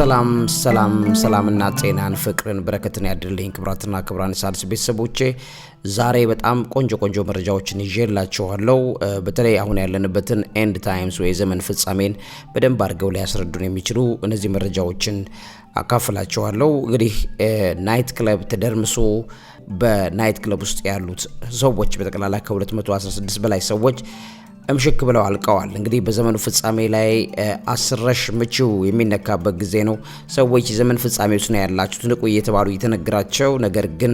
ሰላም ሰላም ሰላምና ጤናን ፍቅርን በረከትን ያድርልኝ። ክብራትና ክብራን ሣድስ ቤተሰቦቼ ዛሬ በጣም ቆንጆ ቆንጆ መረጃዎችን ይዤላችኋለሁ። በተለይ አሁን ያለንበትን ኤንድ ታይምስ ወይ ዘመን ፍጻሜን በደንብ አድርገው ሊያስረዱን የሚችሉ እነዚህ መረጃዎችን አካፍላችኋለሁ። እንግዲህ ናይት ክለብ ተደርምሶ በናይት ክለብ ውስጥ ያሉት ሰዎች በጠቅላላ ከ216 በላይ ሰዎች እምሽክ ብለው አልቀዋል። እንግዲህ በዘመኑ ፍጻሜ ላይ አስረሽ ምችው የሚነካበት ጊዜ ነው። ሰዎች የዘመን ፍጻሜ ውስጥ ነው ያላችሁት ንቁ እየተባሉ እየተነግራቸው፣ ነገር ግን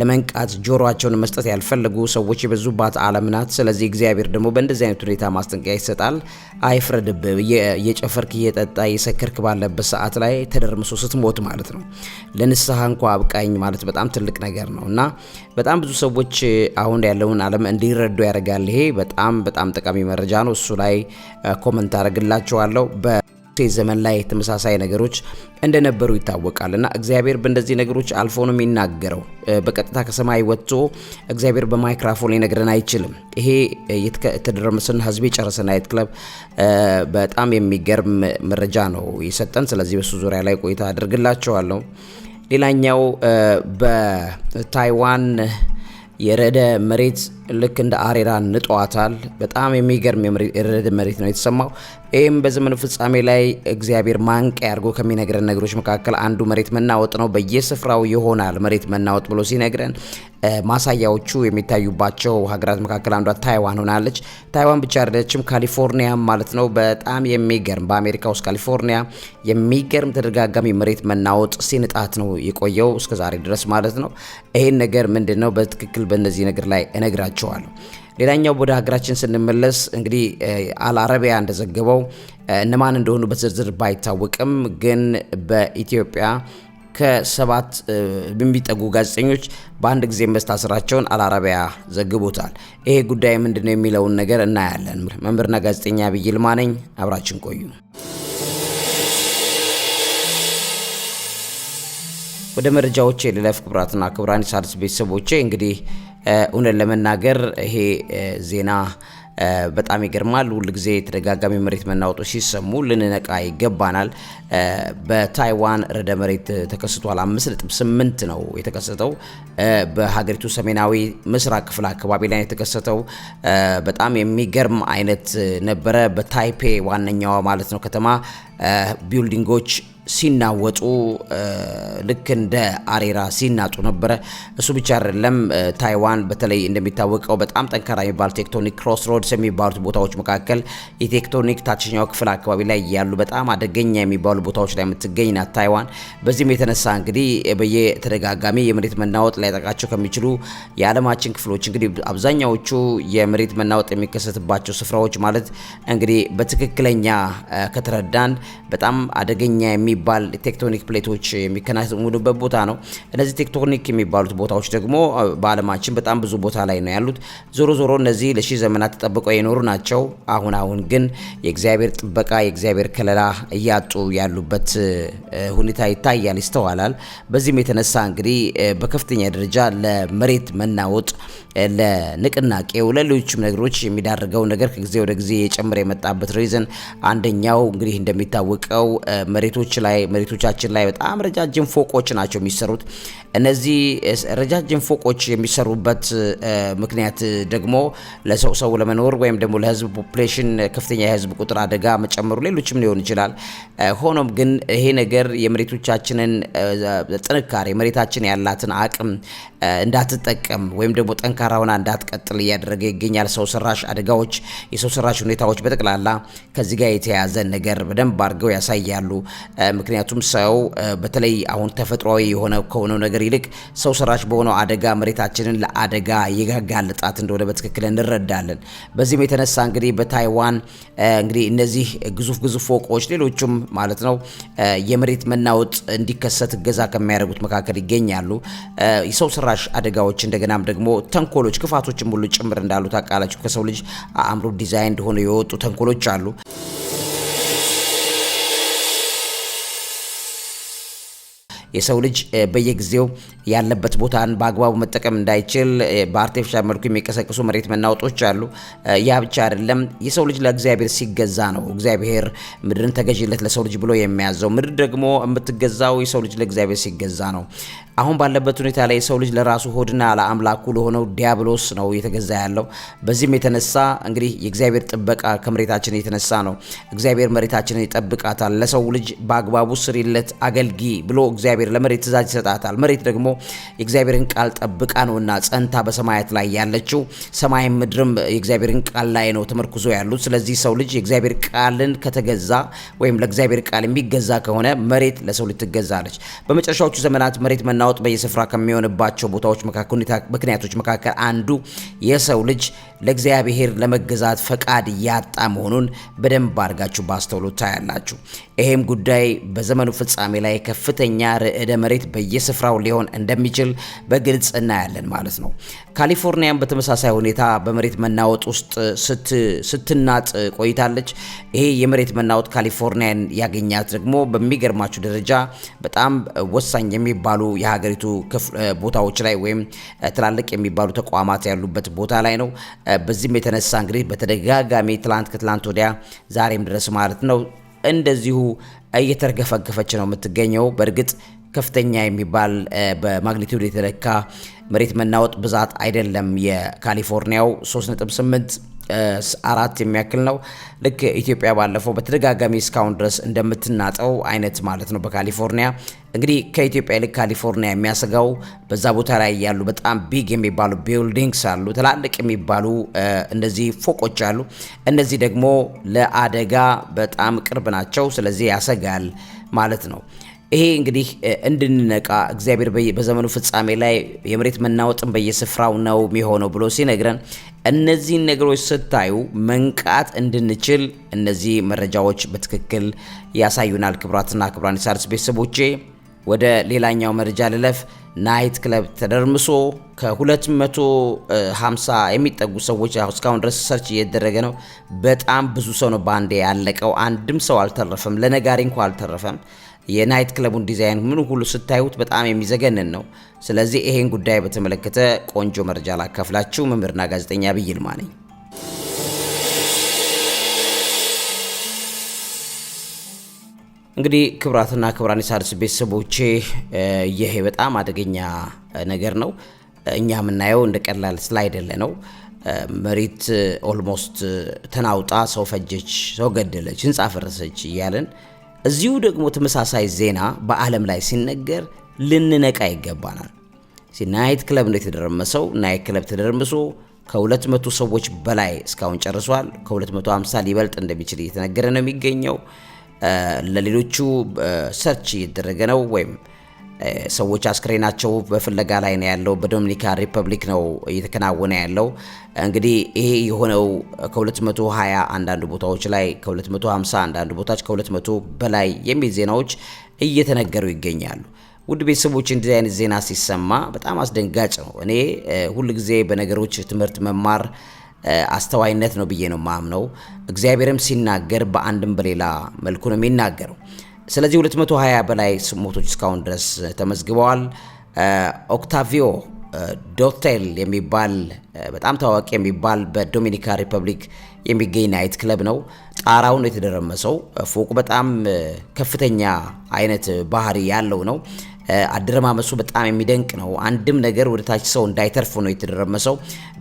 ለመንቃት ጆሮቸውን መስጠት ያልፈለጉ ሰዎች የበዙባት ዓለም ናት። ስለዚህ እግዚአብሔር ደግሞ በእንደዚህ አይነት ሁኔታ ማስጠንቀቂያ ይሰጣል። አይፍረድብ እየጨፈርክ እየጠጣ እየሰከርክ ባለበት ሰዓት ላይ ተደርምሶ ስትሞት ማለት ነው። ለንስሐ እንኳ አብቃኝ ማለት በጣም ትልቅ ነገር ነው እና በጣም ብዙ ሰዎች አሁን ያለውን ዓለም እንዲረዱ ያደርጋል። ይሄ በጣም በጣም ጠቃሚ መረጃ ነው። እሱ ላይ ኮመንት አደርግላችኋለሁ። በሙሴ ዘመን ላይ ተመሳሳይ ነገሮች እንደነበሩ ይታወቃል እና እግዚአብሔር በእንደዚህ ነገሮች አልፎ ነው የሚናገረው። በቀጥታ ከሰማይ ወጥቶ እግዚአብሔር በማይክራፎን ሊነግረን አይችልም። ይሄ የተደረመስን ህዝብ ጨረሰ ናይት ክለብ በጣም የሚገርም መረጃ ነው የሰጠን። ስለዚህ በሱ ዙሪያ ላይ ቆይታ አድርግላቸዋለሁ። ሌላኛው በታይዋን የረደ መሬት ልክ እንደ አሬራ ንጠዋታል። በጣም የሚገርም የረድ መሬት ነው የተሰማው። ይህም በዘመኑ ፍጻሜ ላይ እግዚአብሔር ማንቂያ አድርጎ ከሚነግረን ነገሮች መካከል አንዱ መሬት መናወጥ ነው። በየስፍራው ይሆናል መሬት መናወጥ ብሎ ሲነግረን ማሳያዎቹ የሚታዩባቸው ሀገራት መካከል አንዷ ታይዋን ሆናለች። ታይዋን ብቻ አይደለችም፣ ካሊፎርኒያ ማለት ነው። በጣም የሚገርም በአሜሪካ ውስጥ ካሊፎርኒያ የሚገርም ተደጋጋሚ መሬት መናወጥ ሲንጣት ነው የቆየው እስከዛሬ ድረስ ማለት ነው። ይህን ነገር ምንድን ነው በትክክል በእነዚህ ነገር ላይ እነግራቸው እላቸዋለሁ። ሌላኛው ወደ ሀገራችን ስንመለስ እንግዲህ አልአረቢያ እንደዘገበው እነማን እንደሆኑ በዝርዝር ባይታወቅም ግን በኢትዮጵያ ከሰባት የሚጠጉ ጋዜጠኞች በአንድ ጊዜ መስታሰራቸውን አልአረቢያ ዘግቦታል። ይሄ ጉዳይ ምንድን ነው የሚለውን ነገር እናያለን። መምህርና ጋዜጠኛ ዐቢይ ይልማ ነኝ። አብራችን ቆዩ። ወደ መረጃዎቼ ልለፍ። ክቡራትና ክቡራን ሣድስ ቤተሰቦቼ እንግዲህ እውነት ለመናገር ይሄ ዜና በጣም ይገርማል። ሁል ጊዜ የተደጋጋሚ መሬት መናወጦች ሲሰሙ ልንነቃ ይገባናል። በታይዋን ርዕደ መሬት ተከስቷል። ስምንት ነው የተከሰተው በሀገሪቱ ሰሜናዊ ምስራቅ ክፍል አካባቢ ላይ የተከሰተው በጣም የሚገርም አይነት ነበረ። በታይፔ ዋነኛዋ ማለት ነው ከተማ ቢልዲንጎች ሲናወጡ ልክ እንደ አሬራ ሲናጡ ነበረ። እሱ ብቻ አይደለም። ታይዋን በተለይ እንደሚታወቀው በጣም ጠንካራ የሚባሉ ቴክቶኒክ ክሮስ ሮድስ የሚባሉት ቦታዎች መካከል የቴክቶኒክ ታችኛው ክፍል አካባቢ ላይ ያሉ በጣም አደገኛ የሚባሉ ቦታዎች ላይ የምትገኝ ናት ታይዋን። በዚህም የተነሳ እንግዲህ በየተደጋጋሚ የመሬት መናወጥ ሊያጠቃቸው ከሚችሉ የዓለማችን ክፍሎች እንግዲህ አብዛኛዎቹ የመሬት መናወጥ የሚከሰትባቸው ስፍራዎች ማለት እንግዲህ በትክክለኛ ከተረዳን በጣም አደገኛ የሚ የሚባል ቴክቶኒክ ፕሌቶች የሚከናወኑበት ቦታ ነው። እነዚህ ቴክቶኒክ የሚባሉት ቦታዎች ደግሞ በዓለማችን በጣም ብዙ ቦታ ላይ ነው ያሉት። ዞሮ ዞሮ እነዚህ ለሺ ዘመናት ተጠብቀው የኖሩ ናቸው። አሁን አሁን ግን የእግዚአብሔር ጥበቃ የእግዚአብሔር ከለላ እያጡ ያሉበት ሁኔታ ይታያል፣ ይስተዋላል። በዚህም የተነሳ እንግዲህ በከፍተኛ ደረጃ ለመሬት መናወጥ ለንቅናቄው ለሌሎችም ነገሮች የሚዳርገው ነገር ከጊዜ ወደ ጊዜ የጨመረ የመጣበት ሪዝን አንደኛው እንግዲህ እንደሚታወቀው መሬቶች ላይ ላይ መሬቶቻችን ላይ በጣም ረጃጅም ፎቆች ናቸው የሚሰሩት። እነዚህ ረጃጅም ፎቆች የሚሰሩበት ምክንያት ደግሞ ለሰው ሰው ለመኖር ወይም ደግሞ ለህዝብ ፖፕሌሽን ከፍተኛ የህዝብ ቁጥር አደጋ መጨመሩ፣ ሌሎችም ሊሆን ይችላል። ሆኖም ግን ይሄ ነገር የመሬቶቻችንን ጥንካሬ መሬታችን ያላትን አቅም እንዳትጠቀም ወይም ደግሞ ጠንካራ ሆና እንዳትቀጥል እያደረገ ይገኛል። ሰው ሰራሽ አደጋዎች፣ የሰው ሰራሽ ሁኔታዎች በጠቅላላ ከዚህ ጋር የተያያዘ ነገር በደንብ አድርገው ያሳያሉ። ምክንያቱም ሰው በተለይ አሁን ተፈጥሯዊ የሆነ ከሆነው ነገር ይልቅ ሰው ሰራሽ በሆነው አደጋ መሬታችንን ለአደጋ የጋጋልጣት እንደሆነ በትክክል እንረዳለን። በዚህም የተነሳ እንግዲህ በታይዋን እንግዲህ እነዚህ ግዙፍ ግዙፍ ፎቆች ሌሎቹም ማለት ነው የመሬት መናወጥ እንዲከሰት እገዛ ከሚያደርጉት መካከል ይገኛሉ። የሰው ሰራሽ አደጋዎች እንደገናም ደግሞ ተንኮሎች፣ ክፋቶችም ሁሉ ጭምር እንዳሉ ታውቃላችሁ። ከሰው ልጅ አእምሮ ዲዛይን እንደሆነ የወጡ ተንኮሎች አሉ። የሰው ልጅ በየጊዜው ያለበት ቦታን በአግባቡ መጠቀም እንዳይችል በአርቲፊሻል መልኩ የሚቀሰቅሱ መሬት መናወጦች አሉ። ያ ብቻ አይደለም። የሰው ልጅ ለእግዚአብሔር ሲገዛ ነው። እግዚአብሔር ምድርን ተገዥለት ለሰው ልጅ ብሎ የሚያዘው ምድር ደግሞ የምትገዛው የሰው ልጅ ለእግዚአብሔር ሲገዛ ነው። አሁን ባለበት ሁኔታ ላይ የሰው ልጅ ለራሱ ሆድና ለአምላኩ ለሆነው ዲያብሎስ ነው እየተገዛ ያለው። በዚህም የተነሳ እንግዲህ የእግዚአብሔር ጥበቃ ከመሬታችን የተነሳ ነው። እግዚአብሔር መሬታችንን ይጠብቃታል። ለሰው ልጅ በአግባቡ ስሪለት አገልጊ ብሎ እግዚአብሔር እግዚአብሔር ለመሬት ትእዛዝ ይሰጣታል። መሬት ደግሞ የእግዚአብሔርን ቃል ጠብቃ ነውና ጸንታ በሰማያት ላይ ያለችው ሰማይ ምድርም የእግዚአብሔርን ቃል ላይ ነው ተመርኩዞ ያሉት። ስለዚህ ሰው ልጅ የእግዚአብሔር ቃልን ከተገዛ ወይም ለእግዚአብሔር ቃል የሚገዛ ከሆነ መሬት ለሰው ልጅ ትገዛለች። በመጨረሻዎቹ ዘመናት መሬት መናወጥ በየስፍራ ከሚሆንባቸው ቦታዎች ምክንያቶች መካከል አንዱ የሰው ልጅ ለእግዚአብሔር ለመገዛት ፈቃድ ያጣ መሆኑን በደንብ አድርጋችሁ ባስተውሎ ታያላችሁ። ይሄም ጉዳይ በዘመኑ ፍጻሜ ላይ ከፍተኛ ርዕደ መሬት በየስፍራው ሊሆን እንደሚችል በግልጽ እናያለን ማለት ነው። ካሊፎርኒያም በተመሳሳይ ሁኔታ በመሬት መናወጥ ውስጥ ስትናጥ ቆይታለች። ይሄ የመሬት መናወጥ ካሊፎርኒያን ያገኛት ደግሞ በሚገርማችሁ ደረጃ በጣም ወሳኝ የሚባሉ የሀገሪቱ ቦታዎች ላይ ወይም ትላልቅ የሚባሉ ተቋማት ያሉበት ቦታ ላይ ነው። በዚህም የተነሳ እንግዲህ በተደጋጋሚ ትላንት ከትላንት ወዲያ ዛሬም ድረስ ማለት ነው እንደዚሁ እየተርገፈገፈች ነው የምትገኘው። በእርግጥ ከፍተኛ የሚባል በማግኒቱድ የተለካ መሬት መናወጥ ብዛት አይደለም። የካሊፎርኒያው 3.8 አራት የሚያክል ነው። ልክ ኢትዮጵያ ባለፈው በተደጋጋሚ እስካሁን ድረስ እንደምትናጠው አይነት ማለት ነው በካሊፎርኒያ እንግዲህ ከኢትዮጵያ ይልቅ ካሊፎርኒያ የሚያሰጋው በዛ ቦታ ላይ ያሉ በጣም ቢግ የሚባሉ ቢልዲንግስ አሉ፣ ትላልቅ የሚባሉ እንደዚህ ፎቆች አሉ። እነዚህ ደግሞ ለአደጋ በጣም ቅርብ ናቸው። ስለዚህ ያሰጋል ማለት ነው። ይሄ እንግዲህ እንድንነቃ እግዚአብሔር በዘመኑ ፍጻሜ ላይ የመሬት መናወጥን በየስፍራው ነው የሚሆነው ብሎ ሲነግረን እነዚህን ነገሮች ስታዩ መንቃት እንድንችል እነዚህ መረጃዎች በትክክል ያሳዩናል። ክብራትና ክብራን የሣድስ ቤተሰቦቼ ወደ ሌላኛው መረጃ ልለፍ። ናይት ክለብ ተደርምሶ ከ250 የሚጠጉ ሰዎች እስካሁን ድረስ ሰርች እየተደረገ ነው። በጣም ብዙ ሰው ነው በአንዴ ያለቀው። አንድም ሰው አልተረፈም፣ ለነጋሪ እንኳ አልተረፈም። የናይት ክለቡን ዲዛይን ምን ሁሉ ስታዩት በጣም የሚዘገንን ነው። ስለዚህ ይሄን ጉዳይ በተመለከተ ቆንጆ መረጃ ላካፍላችሁ። መምህርና ጋዜጠኛ ዐቢይ ይልማ ነኝ። እንግዲህ ክብራትና ክብራን የሣድስ ቤተሰቦቼ ይሄ በጣም አደገኛ ነገር ነው። እኛ የምናየው እንደ ቀላል ስላይደለ ነው። መሬት ኦልሞስት ተናውጣ ሰው ፈጀች፣ ሰው ገደለች፣ ህንፃ ፈረሰች እያለን እዚሁ ደግሞ ተመሳሳይ ዜና በዓለም ላይ ሲነገር ልንነቃ ይገባናል። ናይት ክለብ ነው የተደረመሰው። ናይት ክለብ ተደርምሶ ከ200 ሰዎች በላይ እስካሁን ጨርሷል። ከ250 ሊበልጥ እንደሚችል እየተነገረ ነው የሚገኘው። ለሌሎቹ ሰርች እየተደረገ ነው ወይም ሰዎች አስክሬናቸው በፍለጋ ላይ ነው ያለው። በዶሚኒካን ሪፐብሊክ ነው እየተከናወነ ያለው። እንግዲህ ይሄ የሆነው ከ220 አንዳንድ ቦታዎች ላይ ከ250 አንዳንድ ቦታዎች ከ200 በላይ የሚል ዜናዎች እየተነገሩ ይገኛሉ። ውድ ቤተሰቦች እንዲህ አይነት ዜና ሲሰማ በጣም አስደንጋጭ ነው። እኔ ሁል ጊዜ በነገሮች ትምህርት መማር አስተዋይነት ነው ብዬ ነው ማምነው። እግዚአብሔርም ሲናገር በአንድም በሌላ መልኩ ነው የሚናገረው። ስለዚህ 220 በላይ ሞቶች እስካሁን ድረስ ተመዝግበዋል። ኦክታቪዮ ዶቴል የሚባል በጣም ታዋቂ የሚባል በዶሚኒካ ሪፐብሊክ የሚገኝ ናይት ክለብ ነው። ጣራውን የተደረመሰው ፎቁ በጣም ከፍተኛ አይነት ባህሪ ያለው ነው። አደረማመሱ በጣም የሚደንቅ ነው። አንድም ነገር ወደ ታች ሰው እንዳይተርፍ ነው የተደረመሰው።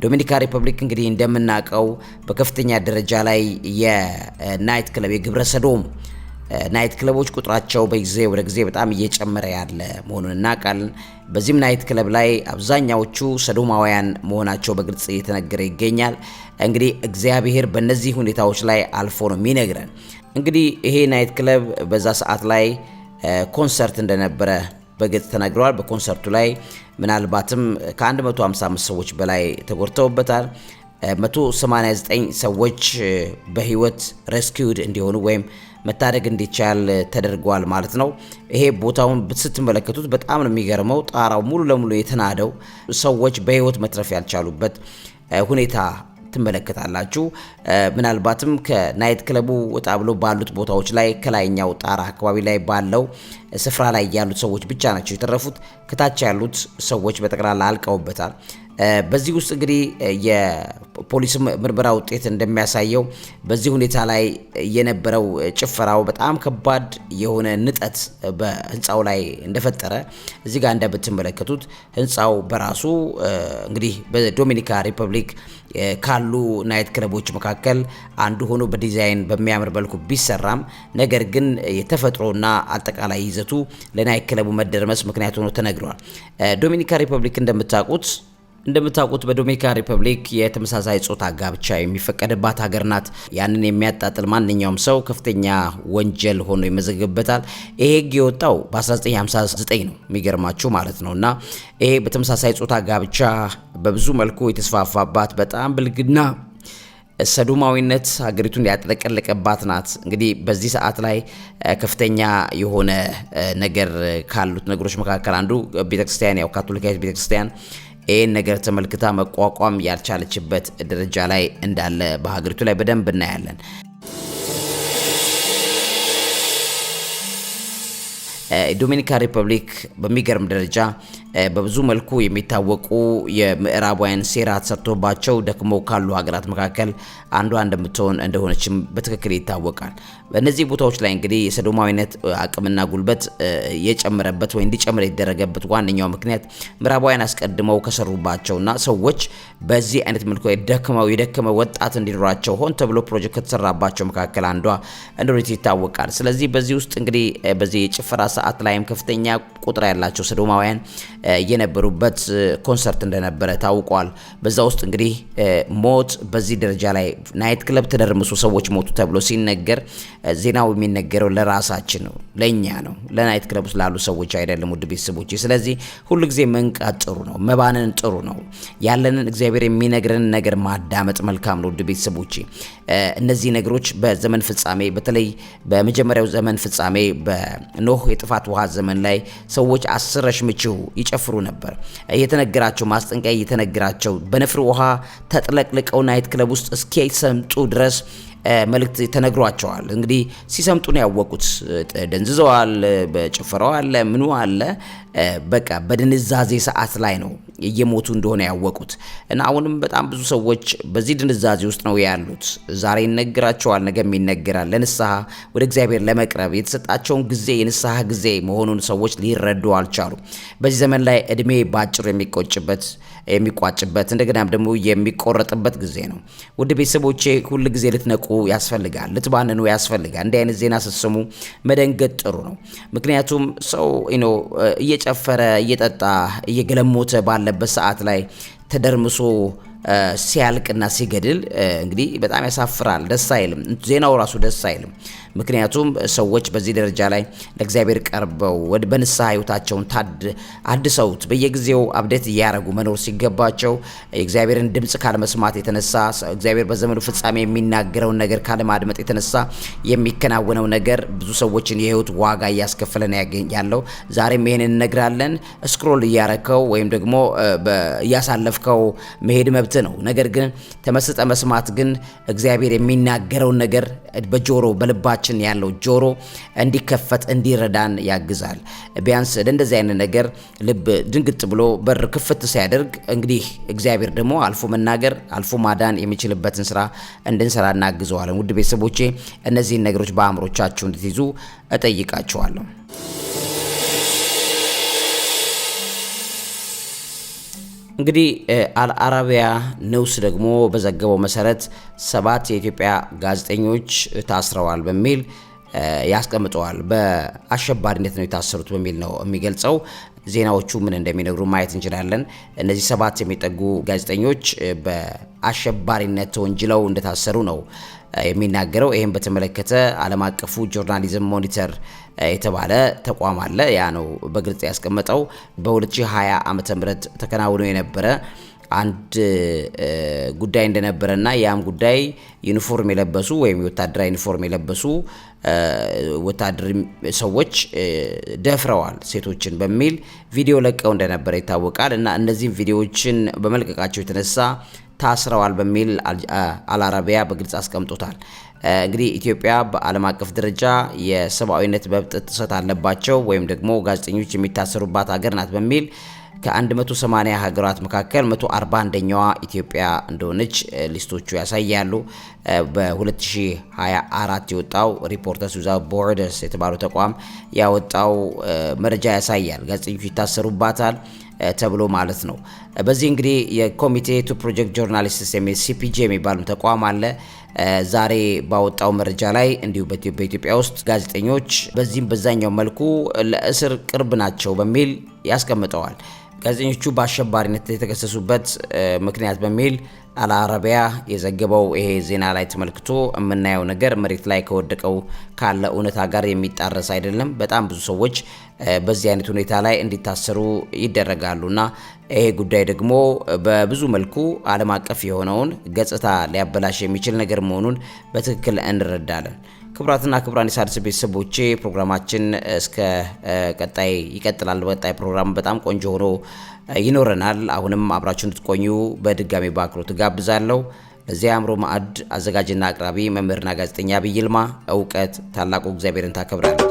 ዶሚኒካ ሪፐብሊክ እንግዲህ እንደምናውቀው በከፍተኛ ደረጃ ላይ የናይት ክለብ የግብረ ሰዶም ናይት ክለቦች ቁጥራቸው በጊዜ ወደ ጊዜ በጣም እየጨመረ ያለ መሆኑን እናውቃለን። በዚህም ናይት ክለብ ላይ አብዛኛዎቹ ሰዶማውያን መሆናቸው በግልጽ እየተነገረ ይገኛል። እንግዲህ እግዚአብሔር በእነዚህ ሁኔታዎች ላይ አልፎ ነው የሚነግረን። እንግዲህ ይሄ ናይት ክለብ በዛ ሰዓት ላይ ኮንሰርት እንደነበረ በግልጽ ተነግረዋል። በኮንሰርቱ ላይ ምናልባትም ከ155 ሰዎች በላይ ተጎድተውበታል። 189 ሰዎች በህይወት ሬስኪውድ እንዲሆኑ ወይም መታደግ እንዲቻል ተደርጓል ማለት ነው። ይሄ ቦታውን ስትመለከቱት በጣም ነው የሚገርመው። ጣራው ሙሉ ለሙሉ የተናደው ሰዎች በህይወት መትረፍ ያልቻሉበት ሁኔታ ትመለከታላችሁ። ምናልባትም ከናይት ክለቡ ወጣ ብሎ ባሉት ቦታዎች ላይ ከላይኛው ጣራ አካባቢ ላይ ባለው ስፍራ ላይ ያሉት ሰዎች ብቻ ናቸው የተረፉት። ከታች ያሉት ሰዎች በጠቅላላ አልቀውበታል። በዚህ ውስጥ እንግዲህ የፖሊስ ምርመራ ውጤት እንደሚያሳየው በዚህ ሁኔታ ላይ የነበረው ጭፈራው በጣም ከባድ የሆነ ንጠት በህንፃው ላይ እንደፈጠረ እዚህ ጋር እንደምትመለከቱት ህንፃው በራሱ እንግዲህ በዶሚኒካ ሪፐብሊክ ካሉ ናይት ክለቦች መካከል አንዱ ሆኖ በዲዛይን በሚያምር መልኩ ቢሰራም ነገር ግን የተፈጥሮና አጠቃላይ ይዘቱ ለናይት ክለቡ መደርመስ ምክንያት ሆኖ ተነግሯል። ዶሚኒካ ሪፐብሊክ እንደምታውቁት እንደምታውቁት በዶሜኒካ ሪፐብሊክ የተመሳሳይ ጾታ ጋብቻ የሚፈቀድባት ሀገር ናት። ያንን የሚያጣጥል ማንኛውም ሰው ከፍተኛ ወንጀል ሆኖ ይመዘግብበታል። ይሄ ህግ የወጣው በ1959 ነው፣ የሚገርማችሁ ማለት ነው። እና ይሄ በተመሳሳይ ጾታ ጋብቻ በብዙ መልኩ የተስፋፋባት በጣም ብልግና ሰዶማዊነት ሀገሪቱን ያጥለቀለቀባት ናት። እንግዲህ በዚህ ሰዓት ላይ ከፍተኛ የሆነ ነገር ካሉት ነገሮች መካከል አንዱ ቤተክርስቲያን ያው ካቶሊካዊት ቤተክርስቲያን ይህን ነገር ተመልክታ መቋቋም ያልቻለችበት ደረጃ ላይ እንዳለ በሀገሪቱ ላይ በደንብ እናያለን። ዶሚኒካ ሪፐብሊክ በሚገርም ደረጃ በብዙ መልኩ የሚታወቁ የምዕራባውያን ሴራ ተሰርቶባቸው ደክሞ ካሉ ሀገራት መካከል አንዷ እንደምትሆን እንደሆነችም በትክክል ይታወቃል። በእነዚህ ቦታዎች ላይ እንግዲህ የሰዶማዊነት አቅምና ጉልበት የጨመረበት ወይ እንዲጨምር የተደረገበት ዋነኛው ምክንያት ምዕራባውያን አስቀድመው ከሰሩባቸውና ሰዎች በዚህ አይነት መልኩ ደክመው የደከመ ወጣት እንዲኖራቸው ሆን ተብሎ ፕሮጀክት ከተሰራባቸው መካከል አንዷ እንደሆነች ይታወቃል። ስለዚህ በዚህ ውስጥ እንግዲህ በዚህ የጭፈራ ሰዓት ላይም ከፍተኛ ቁጥር ያላቸው ሰዶማውያን የነበሩበት ኮንሰርት እንደነበረ ታውቋል። በዛ ውስጥ እንግዲህ ሞት በዚህ ደረጃ ላይ ናይት ክለብ ተደርምሱ ሰዎች ሞቱ ተብሎ ሲነገር ዜናው የሚነገረው ለራሳችን ነው ለእኛ ነው፣ ለናይት ክለብ ውስጥ ላሉ ሰዎች አይደለም፣ ውድ ቤተሰቦች። ስለዚህ ሁሉ ጊዜ መንቃት ጥሩ ነው፣ መባነን ጥሩ ነው። ያለንን እግዚአብሔር የሚነግረን ነገር ማዳመጥ መልካም ነው፣ ውድ ቤተሰቦች። እነዚህ ነገሮች በዘመን ፍጻሜ በተለይ በመጀመሪያው ዘመን ፍጻሜ በኖህ የጥፋት ውሃ ዘመን ላይ ሰዎች አስረሽ ምችው ይጨፍሩ ነበር። እየተነገራቸው ማስጠንቀቂያ እየተነገራቸው በንፍር ውሃ ተጥለቅልቀው ናይት ክለብ ውስጥ እስኪሰምጡ ድረስ መልእክት ተነግሯቸዋል። እንግዲህ ሲሰምጡ ነው ያወቁት። ደንዝዘዋል። በጭፈራው አለ ምኑ አለ በቃ በድንዛዜ ሰዓት ላይ ነው እየሞቱ እንደሆነ ያወቁት እና አሁንም በጣም ብዙ ሰዎች በዚህ ድንዛዜ ውስጥ ነው ያሉት። ዛሬ ይነግራቸዋል፣ ነገም ይነግራል። ለንስሐ ወደ እግዚአብሔር ለመቅረብ የተሰጣቸውን ጊዜ የንስሐ ጊዜ መሆኑን ሰዎች ሊረዱ አልቻሉ። በዚህ ዘመን ላይ እድሜ ባጭሩ የሚቆጭበት የሚቋጭበት እንደገናም ደግሞ የሚቆረጥበት ጊዜ ነው። ውድ ቤተሰቦቼ ሁል ጊዜ ልትነቁ ያስፈልጋል፣ ልትባንኑ ያስፈልጋል። እንዲህ አይነት ዜና ስትሰሙ መደንገጥ ጥሩ ነው። ምክንያቱም ሰው እየጨፈረ እየጠጣ እየገለሞተ ባለበት ሰዓት ላይ ተደርምሶ ሲያልቅና ሲገድል እንግዲህ በጣም ያሳፍራል። ደስ አይልም። ዜናው ራሱ ደስ አይልም። ምክንያቱም ሰዎች በዚህ ደረጃ ላይ ለእግዚአብሔር ቀርበው በንስሐ ህይወታቸውን ታድ አድሰውት በየጊዜው አብዴት እያደረጉ መኖር ሲገባቸው የእግዚአብሔርን ድምፅ ካለመስማት የተነሳ እግዚአብሔር በዘመኑ ፍጻሜ የሚናገረውን ነገር ካለማድመጥ የተነሳ የሚከናወነው ነገር ብዙ ሰዎችን የህይወት ዋጋ እያስከፈለን ያለው ዛሬም ይህን እነግራለን። ስክሮል እያረከው ወይም ደግሞ እያሳለፍከው መሄድ መብት ነው። ነገር ግን ተመስጠ መስማት ግን እግዚአብሔር የሚናገረውን ነገር በጆሮ በልባቸው ውስጣችን ያለው ጆሮ እንዲከፈት እንዲረዳን ያግዛል። ቢያንስ ለእንደዚህ አይነት ነገር ልብ ድንግጥ ብሎ በር ክፍት ሲያደርግ እንግዲህ እግዚአብሔር ደግሞ አልፎ መናገር አልፎ ማዳን የሚችልበትን ስራ እንድንሰራ እናግዘዋለን። ውድ ቤተሰቦቼ እነዚህን ነገሮች በአእምሮቻችሁ እንድትይዙ እጠይቃችኋለሁ። እንግዲህ አልአረቢያ ኒውስ ደግሞ በዘገበው መሰረት ሰባት የኢትዮጵያ ጋዜጠኞች ታስረዋል በሚል ያስቀምጠዋል። በአሸባሪነት ነው የታሰሩት በሚል ነው የሚገልጸው። ዜናዎቹ ምን እንደሚነግሩ ማየት እንችላለን። እነዚህ ሰባት የሚጠጉ ጋዜጠኞች በአሸባሪነት ተወንጅለው እንደታሰሩ ነው የሚናገረው። ይህም በተመለከተ ዓለም አቀፉ ጆርናሊዝም ሞኒተር የተባለ ተቋም አለ። ያ ነው በግልጽ ያስቀመጠው በ2020 ዓ ም ተከናውኖ የነበረ አንድ ጉዳይ እንደነበረና ያም ጉዳይ ዩኒፎርም የለበሱ ወይም የወታደራዊ ዩኒፎርም የለበሱ ወታደር ሰዎች ደፍረዋል ሴቶችን በሚል ቪዲዮ ለቀው እንደነበረ ይታወቃል። እና እነዚህም ቪዲዮዎችን በመልቀቃቸው የተነሳ ታስረዋል በሚል አልአረቢያ በግልጽ አስቀምጦታል። እንግዲህ ኢትዮጵያ በዓለም አቀፍ ደረጃ የሰብአዊነት መብት ጥሰት አለባቸው ወይም ደግሞ ጋዜጠኞች የሚታሰሩባት ሀገር ናት በሚል ከ180 ሀገራት መካከል 141ኛዋ ኢትዮጵያ እንደሆነች ሊስቶቹ ያሳያሉ። በ2024 የወጣው ሪፖርተርስ ዊዛውት ቦርደርስ የተባለው ተቋም ያወጣው መረጃ ያሳያል። ጋዜጠኞች ይታሰሩባታል። ተብሎ ማለት ነው። በዚህ እንግዲህ የኮሚቴ ቱ ፕሮጀክት ጆርናሊስትስ የሚል ሲፒጂ የሚባሉ ተቋም አለ። ዛሬ ባወጣው መረጃ ላይ እንዲሁ በኢትዮጵያ ውስጥ ጋዜጠኞች በዚህም በዛኛው መልኩ ለእስር ቅርብ ናቸው በሚል ያስቀምጠዋል። ጋዜጠኞቹ በአሸባሪነት የተከሰሱበት ምክንያት በሚል አልአረቢያ የዘገበው ይሄ ዜና ላይ ተመልክቶ የምናየው ነገር መሬት ላይ ከወደቀው ካለ እውነታ ጋር የሚጣረስ አይደለም። በጣም ብዙ ሰዎች በዚህ አይነት ሁኔታ ላይ እንዲታሰሩ ይደረጋሉና ይሄ ጉዳይ ደግሞ በብዙ መልኩ ዓለም አቀፍ የሆነውን ገጽታ ሊያበላሽ የሚችል ነገር መሆኑን በትክክል እንረዳለን። ክቡራትና ክቡራን የሣድስ ቤተሰቦቼ ፕሮግራማችን እስከ ቀጣይ ይቀጥላል። በቀጣይ ፕሮግራም በጣም ቆንጆ ሆኖ ይኖረናል። አሁንም አብራችሁ እንድትቆዩ በድጋሚ በአክብሮት ትጋብዛለሁ። ለዚህ አእምሮ ማዕድ አዘጋጅና አቅራቢ መምህርና ጋዜጠኛ ዐቢይ ይልማ። እውቀት ታላቁ እግዚአብሔርን ታከብራለህ።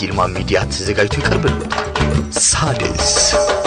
በዓለም ይልማ ሚዲያ ተዘጋጅቶ ይቀርብልዎታል። ሣድስ